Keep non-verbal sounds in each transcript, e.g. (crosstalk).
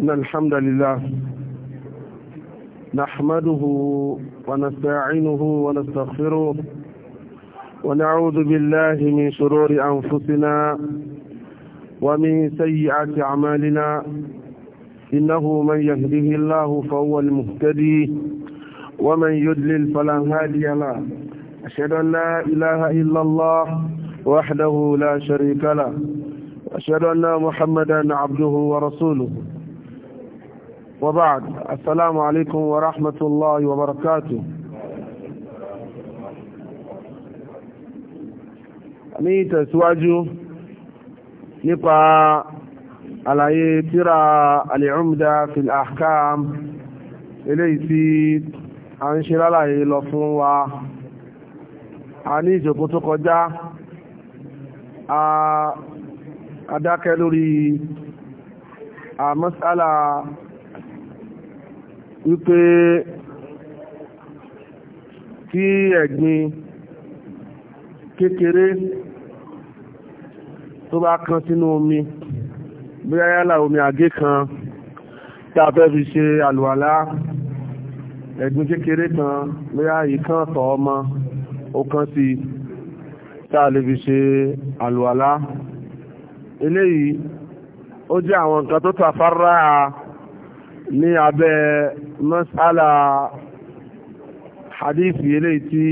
إن الحمد لله نحمده ونستعينه ونستغفره ونعوذ بالله من شرور أنفسنا ومن سيئات أعمالنا إنه من يهده الله فهو المهتدي ومن يدلل فلا هادي له أشهد أن لا إله إلا الله وحده لا شريك له أشهد أن محمدا عبده ورسوله وبعد السلام عليكم ورحمة الله وبركاته ní ìtẹ̀síwájú nípa àlàyé tíra al-Umda fi al-Ahkam eléyìí tí a ń ṣe lálàyé lọ fún wa a ní ìjòkó tó kọjá a dákẹ́ lórí a mas'ala wípé tí ẹ̀gbin kékeré tó bá kan sínú omi bí ayálà omi àgé kan tá a fẹ́ fi ṣe àlùwàlá ẹ̀gbin kékeré kan bí ayì kan tọ̀ ọmọ ó kan sí tá a lè fi ṣe àlùwàlá eléyìí ó jẹ́ àwọn nǹkan tó tàfárá ní abẹ́ mọ́sálà hadithi eléyìí tí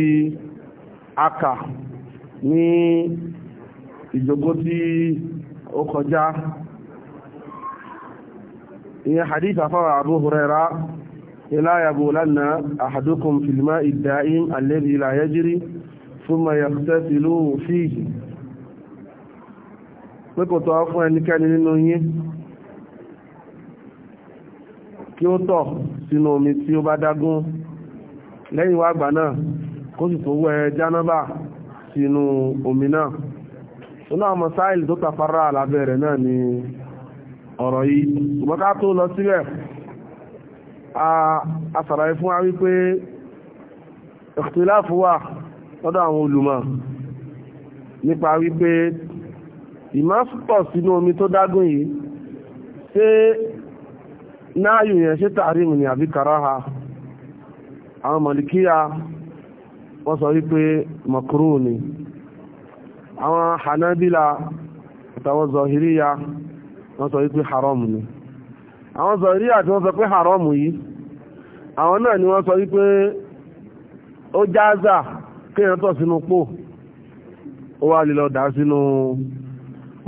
a kà ní ìjogó tí ó kọjá ìyẹn hadith afọ́wà Abu Huraira ilá yàgbò lánà ahadukum fil ma'i da'im alladhi la yajri thumma yaghtasilu fihi pẹ́kọ̀tọ̀ fún ẹnikẹ́ni nínú yín kí ó tọ̀ sínú omi tí ó bá dágún lẹ́yìn wá àgbà náà kó sì tó wẹ jánábà sínú omi náà nínú àwọn mọ̀sáìlì tó tàfárá àlábẹ̀rẹ̀ náà ni ọ̀rọ̀ yìí ṣùgbọ́n ká tó lọ síbẹ̀ a sàlàyé fún wa wípé ìkhtiláàfù wà lọ́dọ̀ àwọn olùmọ̀ nípa wípé ìmọ̀sùpọ̀ sínú omi tó dágún yìí ṣé náà yìí yẹn ṣe tààrímù ní àbí kàráhà àwọn mọ̀lìkíyà wọ́n sọ wípé makruh ni àwọn hanabila àtàwọn zọ̀híríyà wọ́n sọ wípé haram ni àwọn zọ̀híríyà tí wọ́n sọ pé haram yìí àwọn náà ni wọ́n sọ wípé ó jáza kéèyàn sínú pò ó wá lílọ dà sínú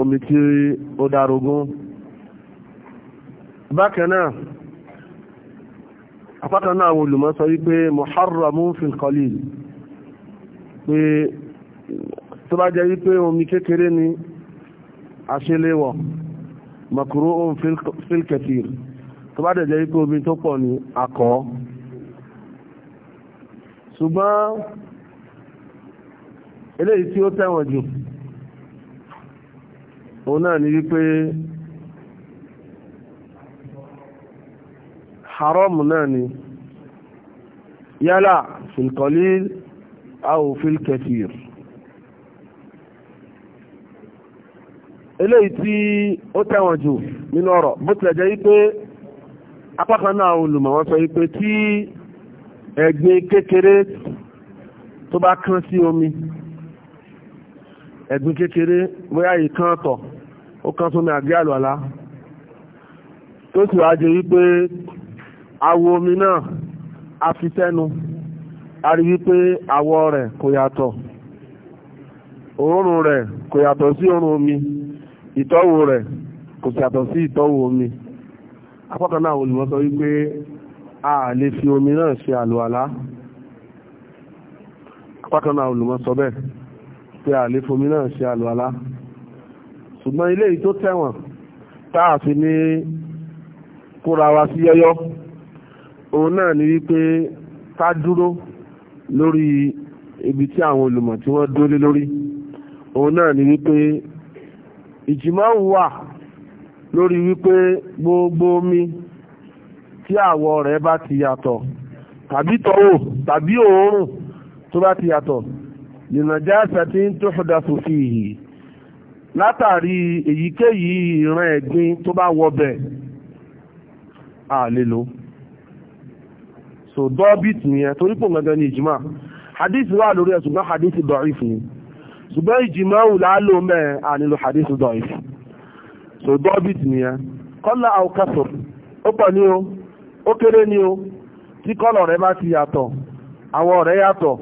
omi tí ó darogún bákanáà apákanáà àwọn olùmọ̀ sọ wípé muharramun fil qalil pé tó bá jẹ́ wípé omi kékeré ni àṣeléwọ̀ makruhun fil kathir tó bá dẹ̀ wípé omi tó pọ̀ ni akọ́ ṣùgbọ́n eléyìí tí ó tẹ̀wọ̀n jù òun náà ni wípé haram náà ni yálà filkolil aw filketir eléyìí tí ó tẹ̀wọ̀n jù nínú ọ̀rọ̀ bó tilẹ̀ jẹ́ wípé apákan náà olùmọ̀ wọ́n sọ wípé tí ẹ̀gbin kékeré tó bá kán sí omi ẹ̀gbin kékeré bóyá yìí kán tọ̀ ó kán sómi àgbé àlùwàlá tó sì wá jẹ́ wípé àwọ omi náà a fi tẹ́nu a rí wípé àwọ̀ rẹ̀ kò yàtọ̀ òórùn rẹ̀ kò yàtọ̀ sí òórùn omi ìtọ́wò rẹ̀ kò yàtọ̀ sí ìtọ́wò omi apákan náà olùmọ̀ sọ wípé a lè fi omi náà ṣe àlùwàlá apákan náà olùmọ̀ sọ bẹ́ẹ̀ pé a lè fomi náà ṣe àlùwàlá ṣùgbọ́n ilé yìí tó tẹ̀wọ̀n tá a fi ní kóra wa sí yọ́yọ́ òun náà ni wípé ká dúró ibi tí àwọn olùmọ̀ tí wọ́n dúró lori. lórí òun náà ni wípé ìjìmọ̀ wà lórí wípé gbogbo omi tí àwọ̀ rẹ̀ bá ti yàtọ̀ tàbí tọ́wò tàbí òórùn tó bá ti yàtọ̀ ìrìnàjá sẹ́tí tó ṣọ́dá sófin yìí látàrí èyíkéyìí ìran ẹ̀gbin tó bá wọ àlelò. Ah, so dọ́bìtì nìyẹn torí pò gangan ní ìjìmá hadith wà lórí ẹ̀ ṣùgbọ́n hadith da'if ni ṣùgbọ́n ìjìmá wù láàlò mẹ́ ànílò hadith da'if so dọ́bìtì nìyẹn kọ́lá àwòkásọ̀ ó pọ̀ ní o ó kéré ní o tí kọ́lọ̀ rẹ̀ bá ti yàtọ̀ àwọ̀ rẹ̀ yàtọ̀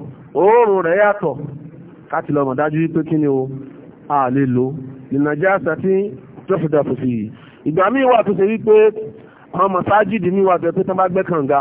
òórùn rẹ̀ yàtọ̀ káti lọ mọ̀ dájú wípé kí ni o a lè lò ìgbà míì wà tó ṣe wípé àwọn mọ̀sáájì dì wà tó pé tán bá gbẹ́ kànga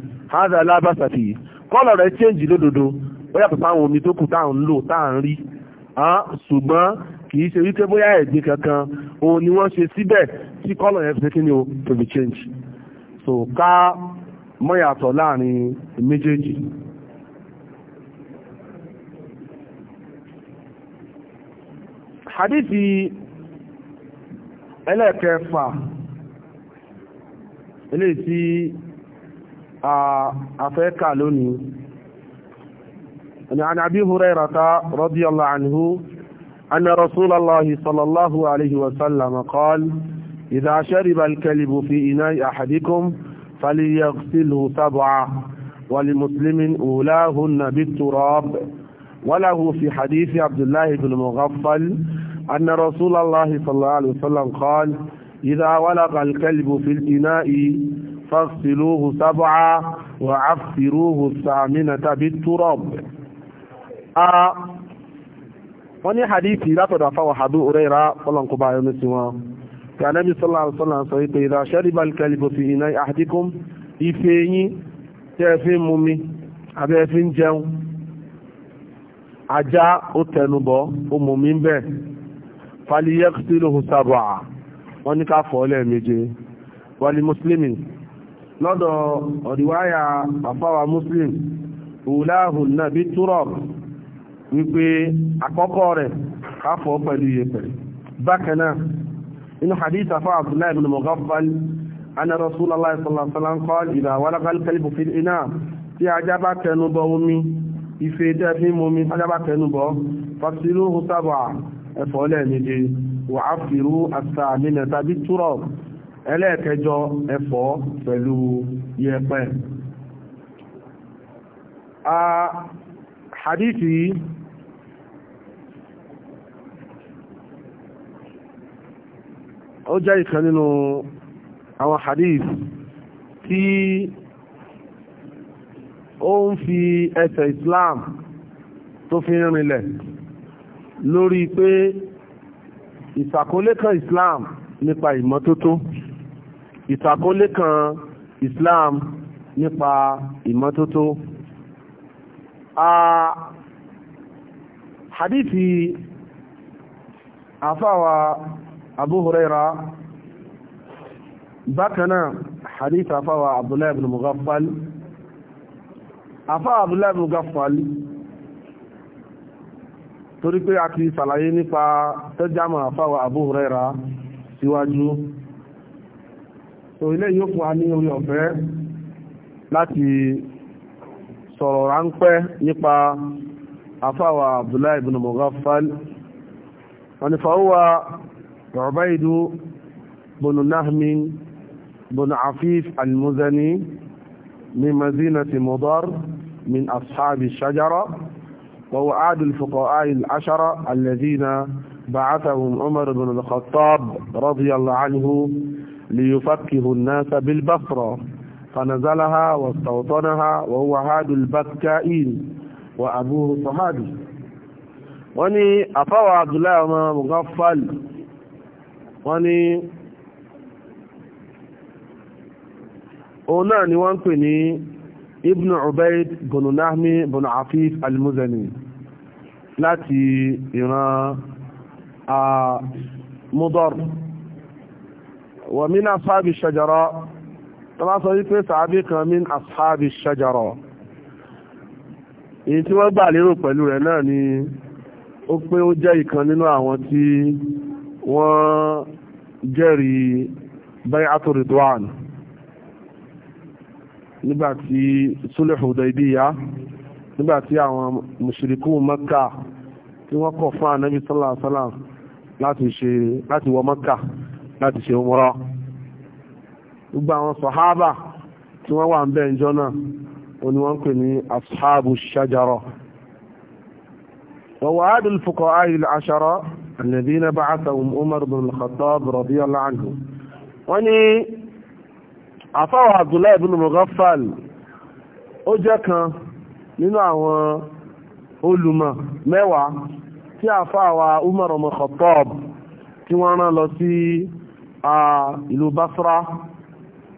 hádà alábàṣàfì kọ́lọ̀ rẹ̀ change lódodo ó yàtọ̀ sáwọn omi tó kù tá à ń lò tá à ń rí ṣùgbọ́n kì í ṣe wípé bóyá ẹ̀gbin kankan òun ni wọ́n ṣe síbẹ̀ tí kọ́lọ̀ yẹn fi kí ni o to be change so ká mọ́yàtọ̀ láàrin méjèèjì. hadithi ẹlẹ́ẹ̀kẹfà eléyìí tí afẹ́kà lónìí ni ànàbí hurairata radiyallahu anhu أن رسول الله صلى الله عليه وسلم قال إذا شرب الكلب في إناء أحدكم فليغسله سبعا ولمسلم أولاهن بالتراب وله في حديث عبد الله بن مغفل أن رسول الله صلى الله عليه وسلم قال إذا ولغ الكلب في الإناء fàṣìlóhù sábàá wà áfìróhù sàmínà tàbí túrọ̀b wọ́n ní hadithi látọ̀dọ̀ àfáwà àbú òrẹ́ra ọlọ́nkọba ayọ́nú sí wọn tí a nẹ́bí sọ́lá àrùsọ́lá sọ wípé ìdá ṣẹ́ríbà kẹlìbò fi iná àdíkùn ife yín tẹ́ ẹ fi ń mumi abẹ́ ẹ fi ń jẹun ajá ó tẹnubọ̀ ó mumi ń bẹ̀ faliyẹ́kùsílò hùsàbọ̀ wọ́n ní ká fọ́ lẹ́ẹ̀méje wàlí mùsùlùmí lọ́dọ̀ ọ̀dìwáyà àfáwà muslim òláhùn náà bí túrọ̀ wípé àkọ́kọ́ rẹ̀ káfọ́ pẹ̀lú yẹ̀pẹ̀ bákanáà inú hadith àfáwà abdullahi ibn mughaffal anna rasulallah sallallahu alaihi wasallam qala idha walagha al-kalbu fil ina tí ẹlẹ́ẹ̀kẹjọ ẹ̀fọ́ pẹ̀lú yẹ̀pẹ̀ a hadithi ó jẹ́ ìkan nínú àwọn hadith tí ó ń fi ẹsẹ̀ Islam tó fi rinlẹ̀ lórí pé ìsàkólé kan Islam nípa ìmọ́tótó ìsàkólé kan Islam nípa ìmọ́tótó hadithi afáwa Abu Huraira bákanáà hadith afáwa Abdullahi ibn Mughaffal afáwa Abdullahi ibn Mughaffal torí pé a ti sàlàyé nípa tẹ́jámà afáwa Abu Huraira síwájú so ilé yóò fún wa ní orí ọ̀fẹ́ láti sọ̀rọ̀ ráńpẹ́ nípa afáwà Abdullahi ibn Mughaffal wọn ni fàúwà Ubaidu ibn Nahmin ibn Afif al-Muzani من مدينة مضر من أصحاب الشجرة وهو عاد الفقهاء العشرة الذين بعثهم عمر بن الخطاب رضي الله عنه ليفكه الناس بالبفرة فنزلها واستوطنها وهو هاد البكائين وأبوه صحابي وني أفوى عبد الله مغفل وني أولا نوانكني ابن عبيد بن نهمي بن عفيف المزني láti ìran a مضر wa min asáàbì ṣajara tó bá sọ wípé sàábì kan min asáàbì ṣajara èyí tí wọ́n gbà lérò pẹ̀lú rẹ̀ náà ni ó pé ó jẹ́ ìkan nínú àwọn tí wọ́n jẹ́rìí bay'atu ridwan nígbàtí sulh Hudaybiya nígbàtí àwọn mùṣìríkù Mẹ́kà tí wọ́n kọ̀ fún ànábì sallallahu láti wọ Mẹ́kà láti ṣe umrah gbogbo àwọn sàhábà tí wọ́n wà ń bẹ́ ìjọ náà ó ní wọ́n ń pè ní ashabu shajara wa wa'ada al-fuqaha al-ashara alladhina ba'athahum Umar ibn al-Khattab radiyallahu anhu wọ́n ní àfáwọ̀ Abdullahi ibn Mughaffal ó jẹ́ kan nínú àwọn olùmọ̀ mẹ́wàá tí àfáwà Umar ibn Khattab tí wọ́n rán lọ sí ìlú Basra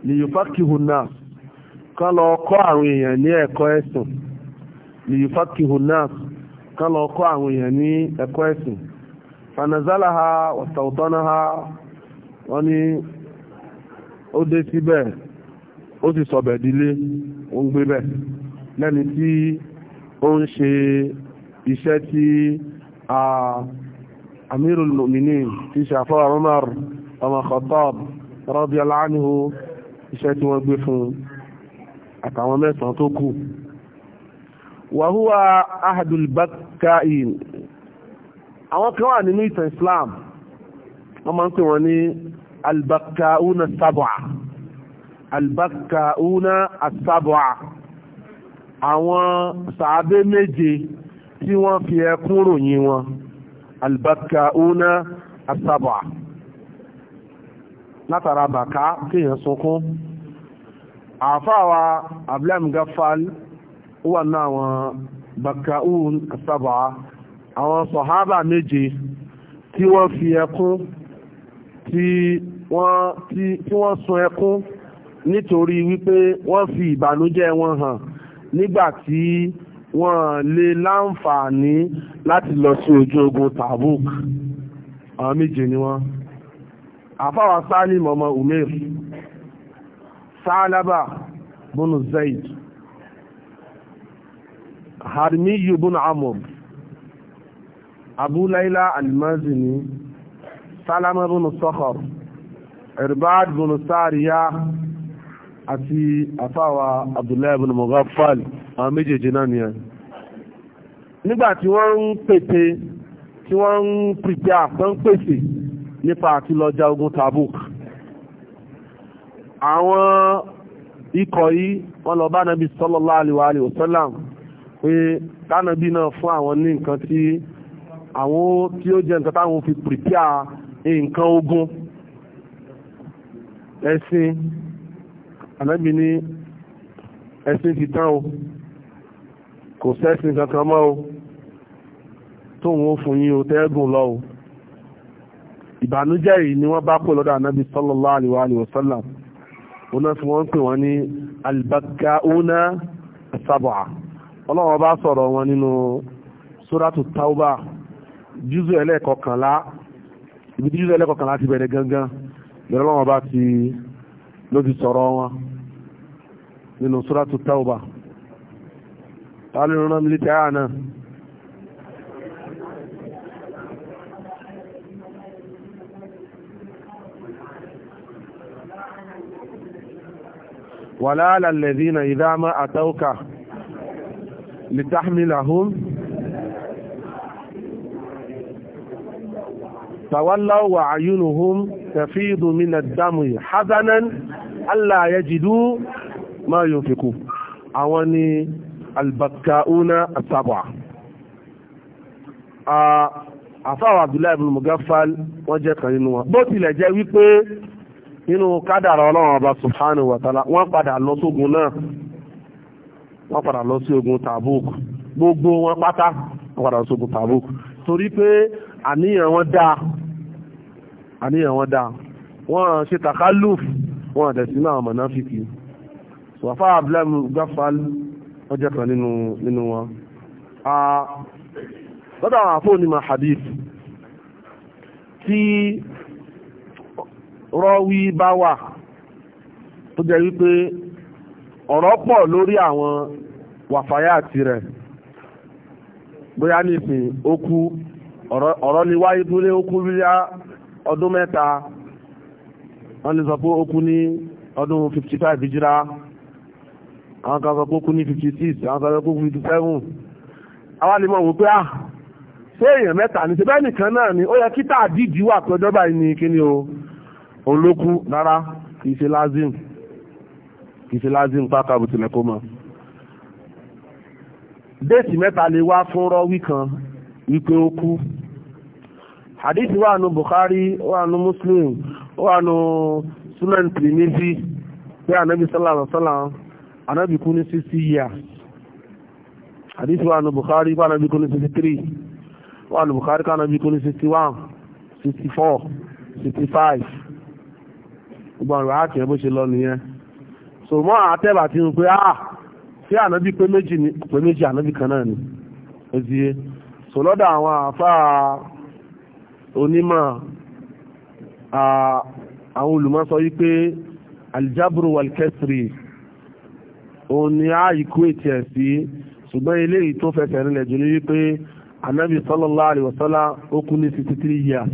lè yípa kìhùnà àwọn èèyàn ní ẹ̀kọ́ ẹ̀sìn lè yípa kìhùnà àwọn èèyàn ní ẹ̀kọ́ ẹ̀sìn fanazalaha wàtàwùtọ́náha wọ́n ní ó dé síbẹ̀ ó sì sọ̀bẹ̀ dílé ó ń lẹ́ni tí ó ń ṣe ti ọmọ Khattab radiyallahu anhu iṣẹ́ tí wọ́n gbé fún àtàwọn mẹ́sàn tó kù wa huwa ahadul bakkain àwọn kan wà nínú ìtàn Islam wọ́n máa ń pè wọ́n ní albakkauna sab'a albakkauna as àwọn sàábé méje tí wọ́n fi ẹkún ròyìn wọn albakkauna as látara bàká kéèyàn sunkún àfáàwà abúlẹ́m gafal wà náà wọn bakaun sábà àwọn sọ̀hábà méje tí wọ́n fi ẹkún tí wọ́n sun ẹkún nítorí wípé wọ́n fi ìbànújẹ́ wọn hàn nígbàtí wọ́n lè láǹfààní láti lọ sí ojú ogun Tabuk àwọn méje ni wọ́n àfáwà sáàlì mọ̀mọ̀ umair sáàlábà bùnú zaid harmiyu bùnú amur abúláìlá almazini sálámà bùnú sọ́kọ̀r irbad bùnú sáàríyá àti àfáwà abdullahi bùnú mọ̀gáfàl àwọn méjèèjì náà ni nígbàtí wọ́n ń pète tí wọ́n ń pèpè àpọ́n pèsè nípa àti lọ ogun Tabuk àwọn ikọ̀ yìí wọ́n lọ bá nàbí sallallahu alaihi wa sallam pé tánàbí náà fún àwọn ní nǹkan tí àwọn tí ó jẹ́ nǹkan táwọn fi pìpíà nǹkan ogun ẹ̀sìn ànábì ní ẹ̀sìn ti tán o kò sẹ́sìn kankan mọ́ o tóun ó fún yín o tẹ́gùn lọ ìbànújẹ́ yìí ni wọ́n bá kó lọ́dọ̀ ànábi sallallahu alaihi wa sallam òun náà fi wọ́n ń pè wọ́n ní albakauna sab'a ọlọ́wọ́n bá sọ̀rọ̀ wọn nínú suratu tauba júzù ẹlẹ́ẹ̀kọkànlá ibi tí júzù ẹlẹ́ẹ̀kọkànlá ti bẹ̀rẹ̀ gangan lọ́rọ̀ bá ti ló sọ̀rọ̀ wọn nínú suratu tauba ولا الذين إذا ما أتوك لتحملهم تولوا وعينهم تفيض من الدم حزنا ألا يجدوا ما ينفقوا أواني البكاؤون السبعة أفاو عبد الله بن مغفل وجه كان نوا بó tilẹ̀ jẹ́ nínú kádàrà ọlọ́run ọba subhanahu wa ta'ala wọ́n padà lọ sógun náà wọ́n padà lọ sí ogun Tabuk gbogbo wọn pátá wọ́n padà lọ sógun Tabuk torí pé àníyàn wọn dáa àníyàn wọn dáa wọ́n ṣe takaluf wọ́n àdẹ̀sí náà mọ̀náfíkì wàfá abúlẹ́m gáfàl ọjọ́ kan nínú wọn lọ́dọ̀ àwọn àfóònìmọ̀ hadith tí rọ́wí bá wà tó jẹ́ wípé ọ̀rọ̀ pọ̀ lórí àwọn wàfáyàtì rẹ̀ bóyá nìsín ó kú ọ̀rọ̀ ni wáyé tó lé ó kú bíyá ọdún mẹ́ta wọ́n lè sọ pé ó kú ní ọdún 55 hijira àwọn kan sọ pé ó ní 56 àwọn kan sọ pé ó kú 57 àwọn lè mọ̀ wò ṣé èèyàn mẹ́ta ní ṣe bẹ́ẹ̀ nìkan náà ni ó yẹ kí tàdídì wà pé ọjọ́ báyìí ni kíni o òun ló kú rárá kìí ṣe lazim kìí ṣe lazim pápá bó tilẹ̀ kó mọ̀ déètì mẹ́ta lè wá fún rọ́wí kan wípé ó kú hadith wà nù Bukhari wà nù Muslim wà nù Sunan Tirmidhi pé ànábì sallallahu sallam ànábì kú ní 60 years hadith wà nù Bukhari wà ànábì kú ní 63 wà nù Bukhari kà ànábì kú ní 61 64 65 gbogbo àwọn ìwà kìí bó ṣe lọ nìyẹn so mọ́ àtẹ́bà ti ń pé ah sí ànábì pé méjì ni pé méjì ànábì kan náà ni ó ti yé so lọ́dọ̀ àwọn àfáà onímọ̀ àwọn olùmọ̀ sọ wípé aljabru walkesri òun ni a ìkú ètì ẹ̀ sí ṣùgbọ́n eléyìí tó fẹsẹ̀ rinlẹ̀ jù ní wípé ànábì sallallahu alaihi wasallam ó kú ní 63 years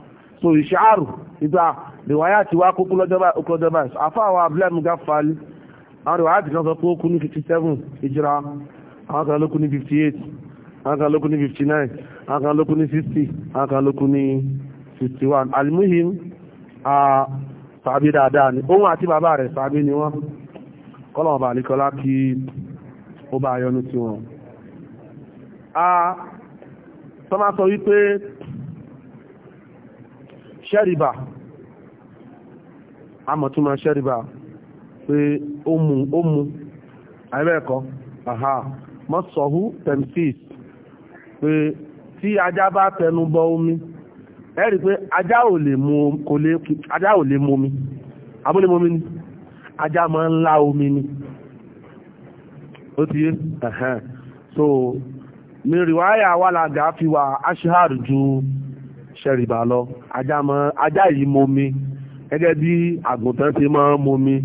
so ìṣàárù ìgbà rìwáyà ti wá kókó lọ́jọ́ báyìí àfa àwọn abúlẹ́mù gáfàálì àwọn rìwáyà ti kan sọ pé ó kú ní 57 ìjìra àwọn kan ló kú ní 58 àwọn kan ló ní 59 àwọn kan ló ní 60 àwọn kan ló ní 61 alimuhim sàbí dáadáa ni òun àti bàbá rẹ̀ sàbí ni wọ́n kọ́lọ̀ ọba àlíkọlá kí ó bá yọnu tí wọ́n a tọ́ máa sọ ṣẹ́rìbà amọ̀túnmọ̀ ṣẹ́rìbà pé ó omu ó mu àìbẹ́ẹ̀kọ́ àhà mọ́sọ̀hú tẹ̀mfis pé tí ajá omi ẹ̀rí pé ajá ò lè mu omi abúlé mu omi ni ajá máa omi ni ó ti so mi rìwáyà wà fi wà aṣíhàrù ju ṣẹ̀rìbà lọ ajá yìí momi gẹ́gẹ́ bí àgùntàn ti máa ń momi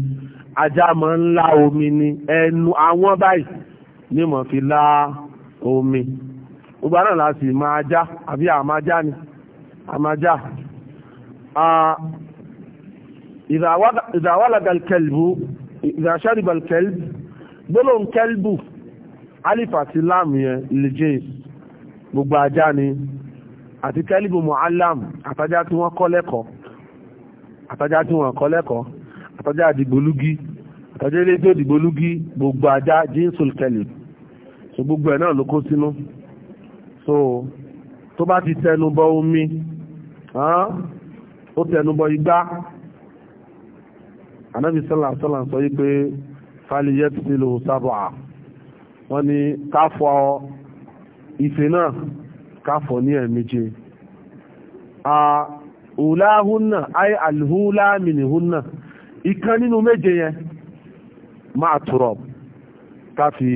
ajá máa ń lá omi ni ẹnu àwọn báyìí ni mo fi lá omi gbogbo náà la sì máa já àbí àmájá ni àmájá ìdáwàlágà kẹlbù ìdáṣẹ́rìbà kẹlbù gbólóhùn kẹlbù alifàtí láàmù yẹn lè jẹ́ gbogbo ajá ni àti kẹ́lìbù mu'allam àtajá tí wọ́n kọ́ lẹ́kọ̀ọ́ àtajá tí wọ́n kọ́ lẹ́kọ̀ọ́ àtajá àdìgbòlúgí àtajá ilé tó dìgbòlúgí gbogbo ajá jinsul kẹ́lìb so gbogbo ẹ̀ náà ló kó sínú so tó bá ti tẹnu bọ omi ó tẹnu bọ igbá anábì sọ́là sọ́là sọ yí pé fàlìyẹ́ ti sílò sábà wọ́n ní káfọ́ ife náà káfọ̀ ní ẹ̀mẹ́je a hùláhúnnà ay alhúlámìnìhúnnà ìkan nínú méje yẹn máa tùrọ̀ káfi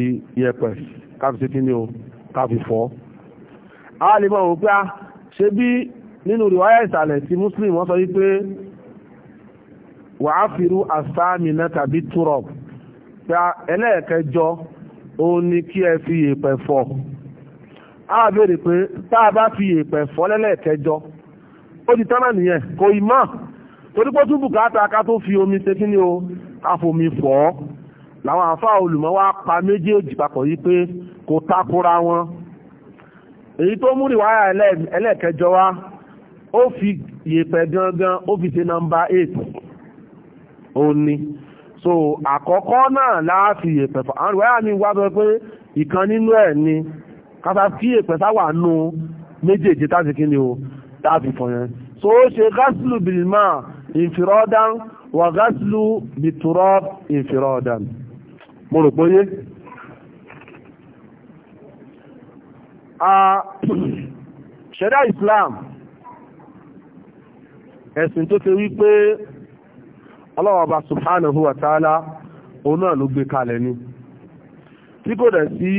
yẹpẹ̀ káfi sí kí ni o káfi fọ́ a lè wọ́n pé ṣe bí nínú ríwáyà ìsàlẹ̀ tí muslim wọ́n sọ wípé wà á fìrú àsáàmìnà tàbí tùrọ̀ pé ẹlẹ́ẹ̀kẹjọ òun ni kí ẹ fi yẹpẹ̀ fọ́ a béèrè pé tá a bá fi èèpẹ̀ fọ́lẹ́lẹ̀ kẹjọ ó di tánà nìyẹn kò ì mọ̀ torí pé tún bùkátà ká tó fi omi ṣe kí ni o àfòmí fọ́ làwọn àáfàá olùmọ̀ wá pa méjèèjì papọ̀ yìí pé kò takora wọn èyí tó mú ìwáyà ẹlẹ́ẹ̀kẹjọ wá ó fi yèèpẹ̀ gangan ó fi ṣe nọmba eight ó ní so àkọ́kọ́ náà láàfi yèèpẹ̀ fọ́ àwọn ìwáyà mi wá sọ pé ìkan nínú ẹ̀ ni kásá tí èpẹ̀ sáwà nù méjèèjì táti kí ni o táàfi fọ̀ yẹn so ó ṣe gásìlù bìlìmà ìfìrọ́dán wà gásìlù bìtúrọ́ ìfìrọ́dán mo rò pé (clears throat) ṣẹ̀dá Islam ẹ̀sìn tó ti wípé Allah Ọba subhanahu wa ta'ala òun náà ló gbé kalẹ̀ ni tí kò dẹ̀ sí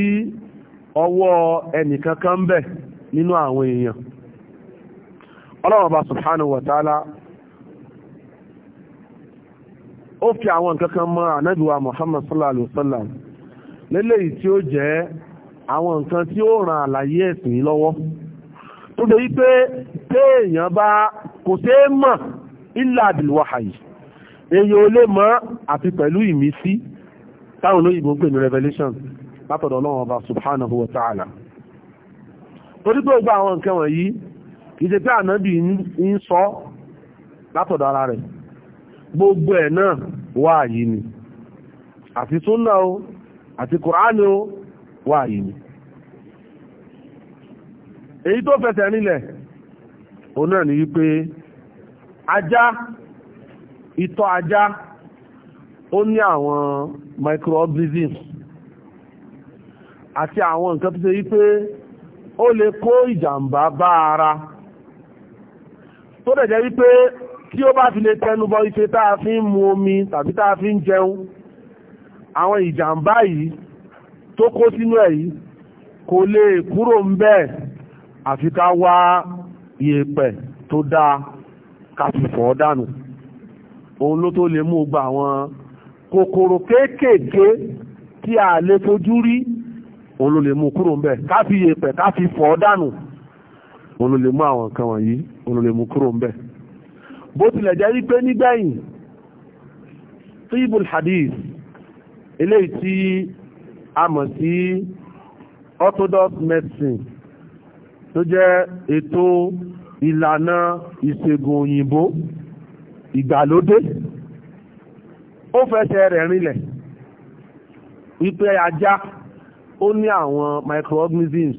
ọwọ́ ẹnìkankan kankan bẹ nínú àwọn èèyàn ọlọ́wọ̀n bá subhanahu wa ta'ala ó fi àwọn nkankan mọ́ ànábìwá Muhammad sallallahu alaihi wasallam lélẹ́yìí tí ó jẹ́ àwọn nǹkan tí ó ràn àlàyé ẹ̀sìn lọ́wọ́ tó lè wípé téèyàn bá kò sé mọ̀ illa bil wahyi èèyàn ò lè mọ̀ àti pẹ̀lú ìmísí táwọn olóyìnbó ń pè ní revelation látọ̀dọ̀ ọlọ́run ọba subhanahu wa torí pé àwọn nǹkan wọ̀nyí kì pé ànábì ń sọ látọ̀dọ̀ ara rẹ̀ gbogbo ẹ̀ náà wà yìí ni àti súnà o àti kùránì o wà yìí ni èyí tó fẹsẹ̀ nílẹ̀ microorganisms àti àwọn nǹkan tó ṣe wípé ó lè kó ìjàmbá bá ara tó dẹ̀ jẹ́ wípé tí ó bá fi lè tẹnubọ ife tá a fi ń mu omi tàbí tá a fi ń jẹun àwọn ìjàmbá yìí tó kó sínú ẹ̀ yìí kò lè kúrò ń bẹ́ẹ̀ àfi ká wá yèèpẹ̀ tó dáa ká fi fọ̀ dànù òun ló tó lè mú gba àwọn kòkòrò kéékèèké tí a lè fojú rí òun ló lè mú kúrò ńbẹ̀ ká fi yèpẹ̀ ká fi fọ̀ ọ́ dànù òun ló lè mú àwọn nǹkan wọ̀nyí òun ló lè mú kúrò ńbẹ̀ bó tilẹ̀ jẹ́ wípé nígbẹ̀yìn tíbul hadith eléyìí tí a mọ̀ sí orthodox medicine tó jẹ́ ètò ìlànà ìṣègùn òyìnbó ìgbàlódé ó fẹsẹ̀ rẹ̀ rinlẹ̀ wípé ajá ó ní àwọn microorganisms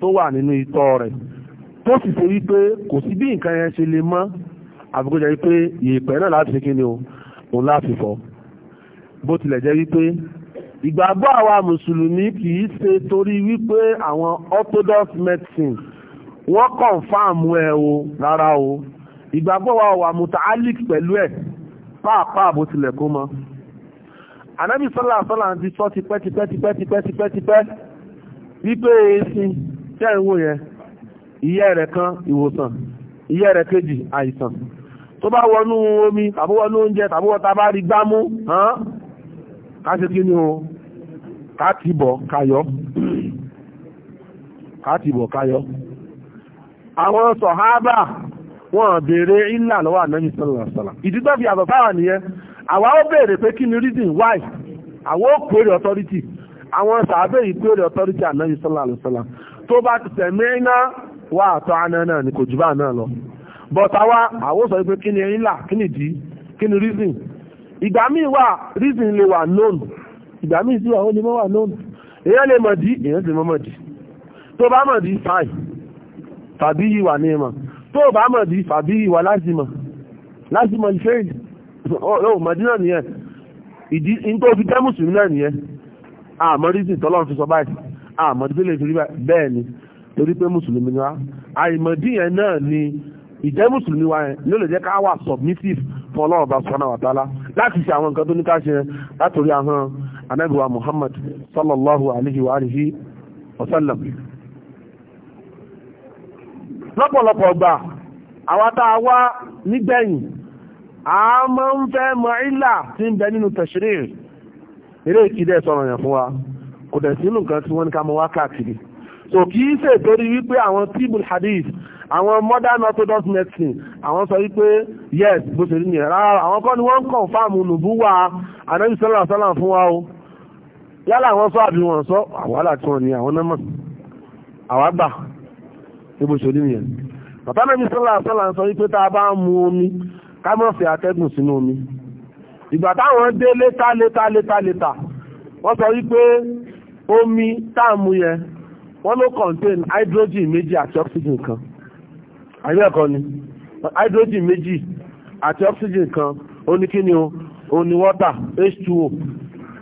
tó wà nínú itọ́ rẹ̀ tó sì ṣe wípé kò sí bí nǹkan yẹn ṣe lè mọ́ àbúkọ́ jẹ́ wípé yèèpẹ̀ náà láti ṣe kíni o òun láti fọ́ bó tilẹ̀ jẹ́ wípé ìgbàgbọ́ àwa mùsùlùmí kì í ṣe torí wípé àwọn orthodox medicine wọ́n kọ̀ǹfàmù ẹ̀ o rárá o ìgbàgbọ́ wa wà mùtàálìk pẹ̀lú ẹ̀ pàápàá bó tilẹ̀ kó mọ́ ànábì sọ́là sọ́là ti sọ ti pẹ́ ti pẹ́ ti pẹ́ ti pẹ́ ti pẹ́ ti pẹ́ wípé esin tẹ́ ń wò yẹn ìyẹ́ rẹ̀ kan ìwòsàn ìyẹ́ rẹ̀ kejì àìsàn tó bá wọnú omi tàbí wọnú oúnjẹ tàbí wọ́ta bá rí gbámú hàn ká ṣe kí ni o ká ti bọ̀ kayọ́ ká ti bọ̀ kayọ́ àwọn sọ̀hábà wọ́n béèrè ìlà lọ́wọ́ ànábì sọ́là sọ́là ìdí tó fi àtọ̀ táwà nìyẹn àwa ó pé kí reason why àwọn ó authority àwọn sàábẹ̀ yìí authority ànáyí sọ́lá àlùsọ́lá tó bá ti tẹ̀mí iná wà àtọ́ aná náà ní kò náà lọ but àwa àwọn sọ pé kí ni là kí ni ìdí kí ni reason ìgbà míì wà reason lè wà known ìgbà míì sí wà onímọ̀ wà known èèyàn lè mọ̀ dí èèyàn lè mọ̀ mọ̀ dí tó bá mọ̀ dí fine tàbí yìí ọ̀rọ̀ mọ̀dínà nìyẹn ìdí tó fi jẹ́ mùsùlùmí náà nìyẹn àmọ́rísì tọ́lọ́run fi sọ báyìí àmọ́rísì lè fi rí bẹ́ẹ̀ ni torí pé mùsùlùmí ni wá àìmọ̀dí yẹn náà ni ìjẹ́ mùsùlùmí wa yẹn ló lè jẹ́ ká wà submissive fún ọlọ́run bá sọ́nà wà tálá láti ṣe àwọn nǹkan tó ní ká ṣe látòrí ahọ́n anábìwá Muhammad sallallahu alayhi wa alihi wa sallam lọ́pọ̀lọpọ̀ gbà àwa tá a wá nígbẹ̀yìn a máa ń fẹ́ mọ ìlà tí ń bẹ nínú tẹ̀ṣírí eré ìkìdẹ́ sọ̀rọ̀ yẹn fún wa kò dẹ̀ sínú nǹkan tí wọ́n ní ká mọ wá káàkiri so kì í ṣe torí wípé àwọn tíbul hadith àwọn modern orthodox medicine àwọn sọ wípé yes bó ṣe rí nìyẹn rárá àwọn kọ́ ni wọ́n ń kọ̀ǹfàmù nùbúwà anábì sọ́lá sọ́lá fún wa o yálà àwọn sọ àbí wọn sọ àwàlà tí wọn ní àwọn náà mọ̀ àwa gbà ní bó ṣe rí nìyẹn bàbá náà bí sọ́lá sọ́lá sọ wípé tá a bá ń mu omi ká mọ́ fi àtẹ́gùn sínú omi ìgbà táwọn dé létà létà létà létà wọ́n sọ wípé omi táàmù yẹn wọ́n ló contain hydrogen méjì àti oxygen kan àyè ẹ̀kọ́ ni hydrogen méjì àti oxygen kan oníkíni o water H2O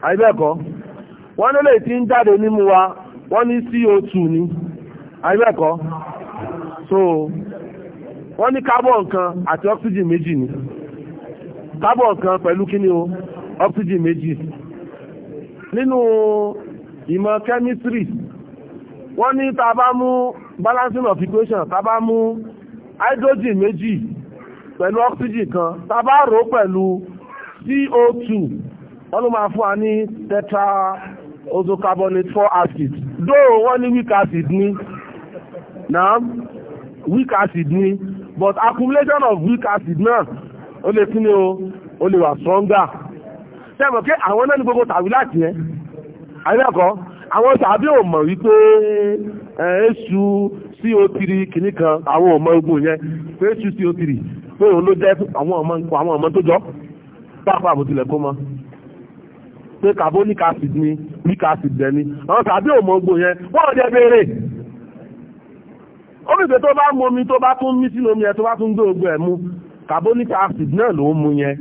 àyè ẹ̀kọ́ wọ́n nílẹ̀ tí ń jáde nímú wa wọ́n ní CO2 ni àyè ẹ̀kọ́ so wọ́n ní carbon kan àti oxygen méjì ni carbon kan pẹ̀lú kíní o oxygen méjì nínú ìmọ̀ chemistry wọ́n ní tá bá mú balancing of equation tá bá mú hydrogen méjì pẹ̀lú oxygen kan tá bá rò pẹ̀lú CO2 wọ́n ló máa fún wa ní tetra ozocarbonate 4 acid dóò wọ́n ní weak acid ní náà weak acid ní but accumulation of weak acid náà ó lè kí ni o ó lè wà stronger tẹ́mọ̀ pé àwọn náà ní gbogbo tàbí láti ẹ́ àríwẹ̀kọ́ àwọn tàbí ò mọ̀ wípé èṣù co3 kìíní kan àwọn ò mọ ogun yẹn pé èṣù co3 pé òun ló jẹ́ àwọn ọmọ tó jọ pápá àbòtilẹ̀ kó mọ́ pé carbonic acid ni weak acid dẹ̀ ni àwọn tàbí ò mọ ogun yẹn wọ́n jẹ́ béèrè omi pé tó bá mú omi tó bá tún mí sínú omi ẹ tó bá tún gbé ogun ẹ̀ carbonic acid náà ló ń mú yẹn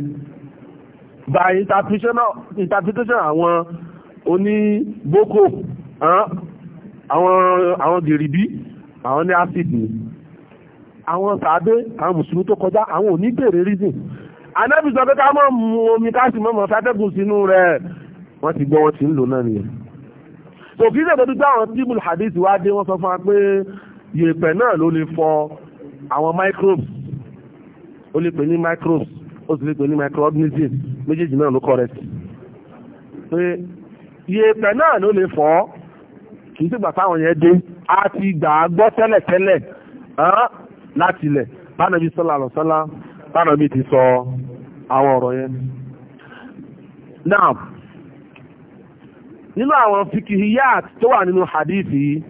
by interpretation àwọn oní boko àwọn gèrìbí àwọn ní acid ni àwọn sàádé àwọn mùsùlùmí tó kọjá àwọn ò ní bèèrè reason anábì pé ká mọ́ mu omi káàsì mọ́mọ́ sátẹ́gùn sínú rẹ̀ wọ́n ti gbọ́ wọ́n ti ń lò náà nìyẹn so kí ṣe tó dúpẹ́ àwọn tíbùl hadith wá dé wọ́n sọ fún wa pé yèèpẹ̀ náà ló lè fọ àwọn microbes ó lè pè ní microbes ó sì lè pè ní microorganisms méjèèjì náà ló correct pé yèèpẹ̀ náà ló lè fọ kì í sígbà táwọn yẹn dé a ti gbà á gbọ́ tẹ́lẹ̀tẹ́lẹ̀ láti ilẹ̀ bánàbí sọ́lá àlọ́sọ́lá bánàbí ti sọ àwọn ọ̀rọ̀ yẹn náà nínú àwọn fikihiyat tó wà nínú hadithi yìí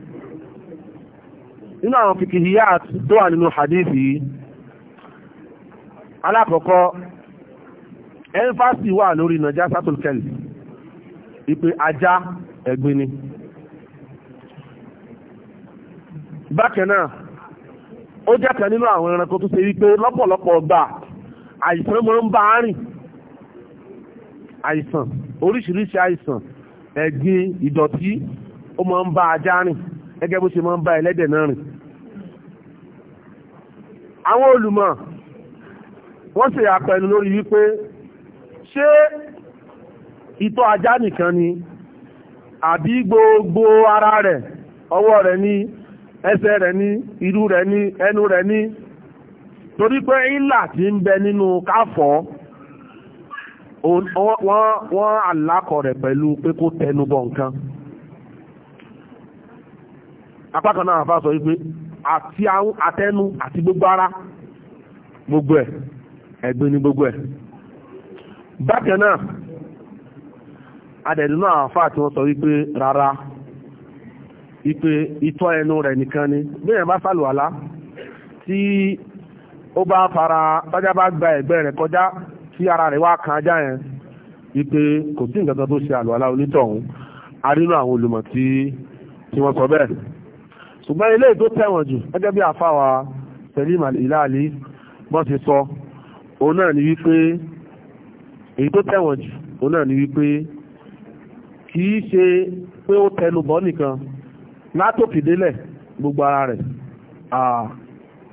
nínú àwọn fìkìhìyà tó wà nínú hadithi yìí alákọ̀ọ́kọ́ ẹ́ńfásì wà lórí nàjá sátòlkẹ́lì ìpè ajá ẹ̀gbin ni bákan náà ó jẹ́ nínú àwọn ẹranko tó ṣe wípé lọ́pọ̀lọpọ̀ gbà àìsàn mọ́ ń bá rìn àìsàn oríṣiríṣi àìsàn ẹ̀gbin ìdọ̀tí ó mọ́ ń bá ajá rìn gẹ́gẹ́ bó ṣe máa ń bá ẹlẹ́dẹ̀ náà rìn àwọn olùmọ̀ wọ́n ṣe àpẹnu lórí wípé ṣé ìtọ́ ajá nìkan ni àbí gbogbo ara rẹ̀ ọwọ́ rẹ̀ ni ẹsẹ̀ rẹ̀ ni irú rẹ̀ ni ẹnu rẹ̀ ni torí pé ìlà ti ń bẹ nínú káfọ́ wọ́n alákọ̀ rẹ̀ pẹ̀lú pé kó tẹnubọ̀ nǹkan apá kan náà àfa sọ wípé àti ahun àtẹnu àti gbogbo ara gbogbo ẹ̀ ẹ̀gbin ni gbogbo ẹ̀ bákan náà adẹ̀dùn náà àfa tí wọ́n sọ wípé rárá wípé itọ́ ẹnu rẹ̀ nìkan ni bẹ́ẹ̀ bá sàlùwàlá tí ó bá fara tọ́já bá gba ẹ̀gbẹ́ rẹ̀ kọjá tí ara rẹ̀ wá kan ajá yẹn wípé kò sí nǹkan tó ṣe àlùwàlá onítọ̀hún a nínú àwọn olùmọ̀ tí wọ́n sọ bẹ́ẹ̀ ṣùgbọ́n ilé tó tẹ̀wọ̀n jù gẹ́gẹ́ bí àfáwà Salim Al-Hilali bọ́n ti sọ òun náà ni wípé èyí tó tẹ̀wọ̀n jù ni wípé kìí ṣe pé ó tẹnubọ́ nìkan látòkìdélẹ̀ gbogbo ara rẹ̀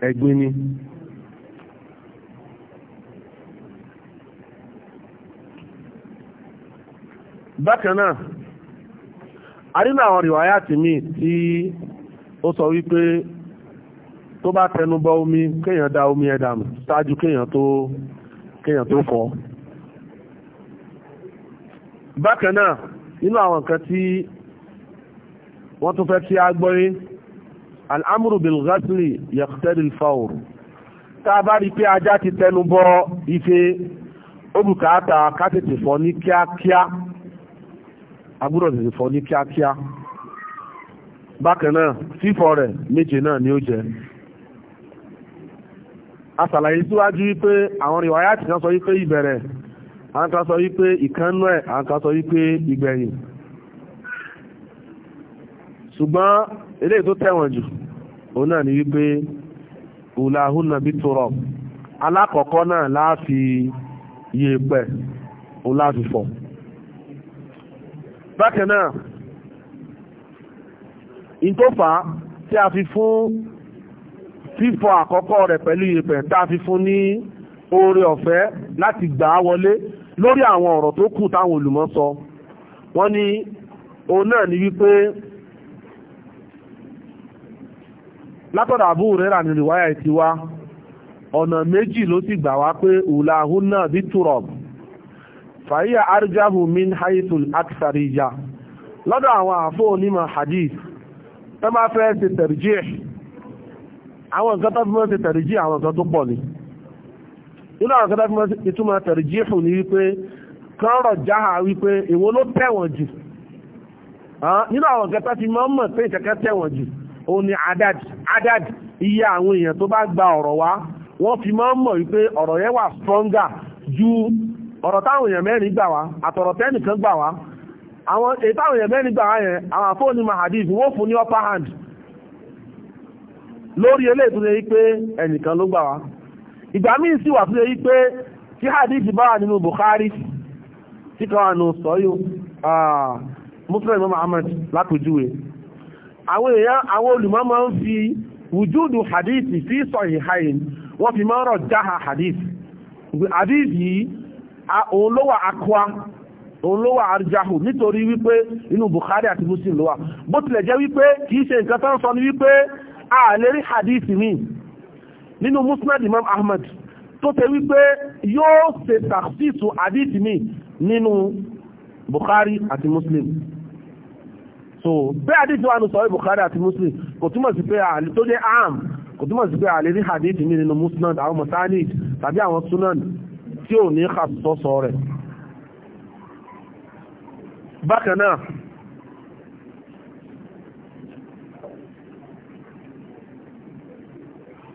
ẹ̀gbin ni bákan náà àwọn rìwáyà tì mí tí ó sọ wípé tó bá tẹnu bọ omi kéèyàn da omi ẹ̀ dànù ṣáájú kéèyàn tó kéèyàn tó fọ bákan náà nínú àwọn nǹkan tí wọ́n tún fẹ́ kí a gbọ́yé al'amuru bilghasli yaqtadi al-fawr ta bá rí pé ajá ti tẹnu bọ ife ó bùkátà ká tètè fọ ní kíákíá a gbọ́dọ̀ tètè ní kíákíá bákan náà fífọ̀ rẹ̀ méje náà ni ó jẹ́ asàlàyé síwájú wípé àwọn rìwáyà ti kan sọ wípé ìbẹ̀rẹ̀ àwọn kan sọ wípé ìkánú ẹ̀ àwọn kan sọ wípé ìgbẹ̀yìn ṣùgbọ́n eléyìí tó tẹ̀wọ̀n jù òun náà ni wípé ulahunna biturab alákọ̀ọ́kọ́ náà láàfi yèèpẹ̀ òun láàfi fọ̀ bákan in tó fà á tí a fi fún fífọ àkọ́kọ́ rẹ̀ pẹ̀lú ìyẹ̀pẹ̀ tá a fi fún ní oore ọ̀fẹ́ láti gbà á wọlé lórí àwọn ọ̀rọ̀ tó kù táwọn olùmọ̀ sọ wọ́n ní òun náà ni wípé látọ̀dọ̀ Abu Huraira ní rìwáyà ti wá ọ̀nà méjì ló sì gbà wá pé ulahun náà bí turab fàyíyà arjahu lọ́dọ̀ àwọn àfọ́ onímọ̀ hadith tó bá fẹ́ ṣe tẹ̀rìjì ẹ̀ àwọn nǹkan tó fi mọ́ ṣe tẹ̀rìjì àwọn nǹkan tó pọ̀ ni nínú àwọn nǹkan tó fi mọ́ ìtumọ̀ tẹ̀rìjì fún ni wípé kan rọ̀ jáhà wípé èwo ló tẹ̀wọ̀n jù nínú àwọn nǹkan tó fi mọ́ mọ̀ pé ìkẹ́kẹ́ tẹ̀wọ̀n jù òun ni adad adad iye àwọn èèyàn tó bá gba ọ̀rọ̀ wá wọ́n fi máa mọ̀ wípé ọ̀rọ̀ yẹn wà stronger ju ọ̀rọ̀ táwọn èèyàn mẹ́rin gbà wá àtọ̀rọ̀ tẹ́nìkan gbà wá àwọn ìtàwọn èèyàn mẹ́rin gbà yẹn àwọn àfóònù mahadis ni fún ní upper hand lórí eléyìí tó ṣe yí pé ẹnìkan ló gbà wá ìgbà míì sì wà tó yí pé tí hadith bá wà nínú Bukhari tí kan wà nù sọ́yún Muslim Muhammad lápèjúwe àwọn èèyàn àwọn ma máa ń fi wùjúdù hadith fi sọ̀yìn hain wọ́n fi máa hadith olówà arjahu nítorí wípé inú Bukhari àti Muslim ló wà bó tilẹ̀ jẹ́ wípé kìí ṣe nǹkan tán sọ ní wípé a lè rí hadith mi nínú musnad Imam Ahmad tó tẹ wípé yóò ṣe tàkṣìṣù hadith mi nínú Bukhari àti Muslim so pé hadith wà ní sọ Bukhari àti Muslim kò túmọ̀ sí pé àlè tó jẹ́ am kò túmọ̀ sí pé àlè rí hadith mi nínú musnad àwọn mọ̀sánid tàbí àwọn sunan tí ò ní kà rẹ̀ bákan náà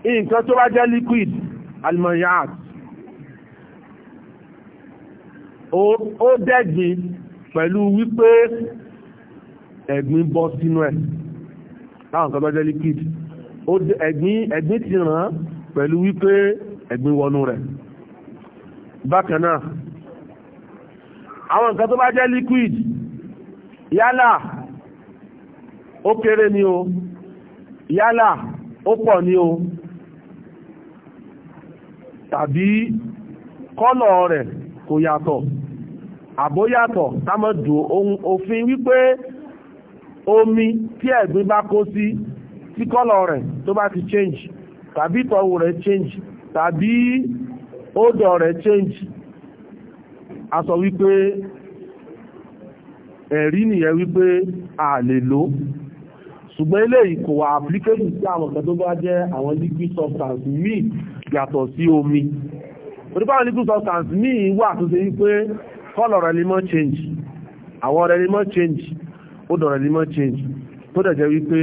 nǹkan tó bá jẹ́ liquid almanyat ó dẹ́gbin pẹ̀lú wípé ẹ̀gbin bọ́ sínú ẹ̀ láwọn nǹkan tó jẹ́ liquid ẹ̀gbin ti ràn pẹ̀lú wípé ẹ̀gbin wọnú rẹ̀ bákan náà àwọn nǹkan tó bá jẹ́ liquid yálà ó kéré ni o yálà ó pọ̀ ni o tàbí kọ́lọ̀ rẹ̀ kò yàtọ̀ àbóyàtọ̀ támọ́dù òfin wípé omi tí ẹ̀gbin bá kó sí tí kọ́lọ̀ rẹ̀ tó bá ti change tàbí tọ́wù rẹ̀ change tàbí ódọ̀ rẹ̀ change a sọ ẹ̀rí nìyẹn wípé a lè lò ṣùgbọ́n eléyìí kò wà àplíkéṣì sí àwọn ọ̀kẹ́ tó bá jẹ́ àwọn liquid substance mi yàtọ̀ sí omi onípa liquid substance míì wà tó ṣe wípé kọ́lọ̀ rẹ̀ change àwọn rẹ̀ change ó dọ̀rẹ̀ change tó dẹ̀ wipe wípé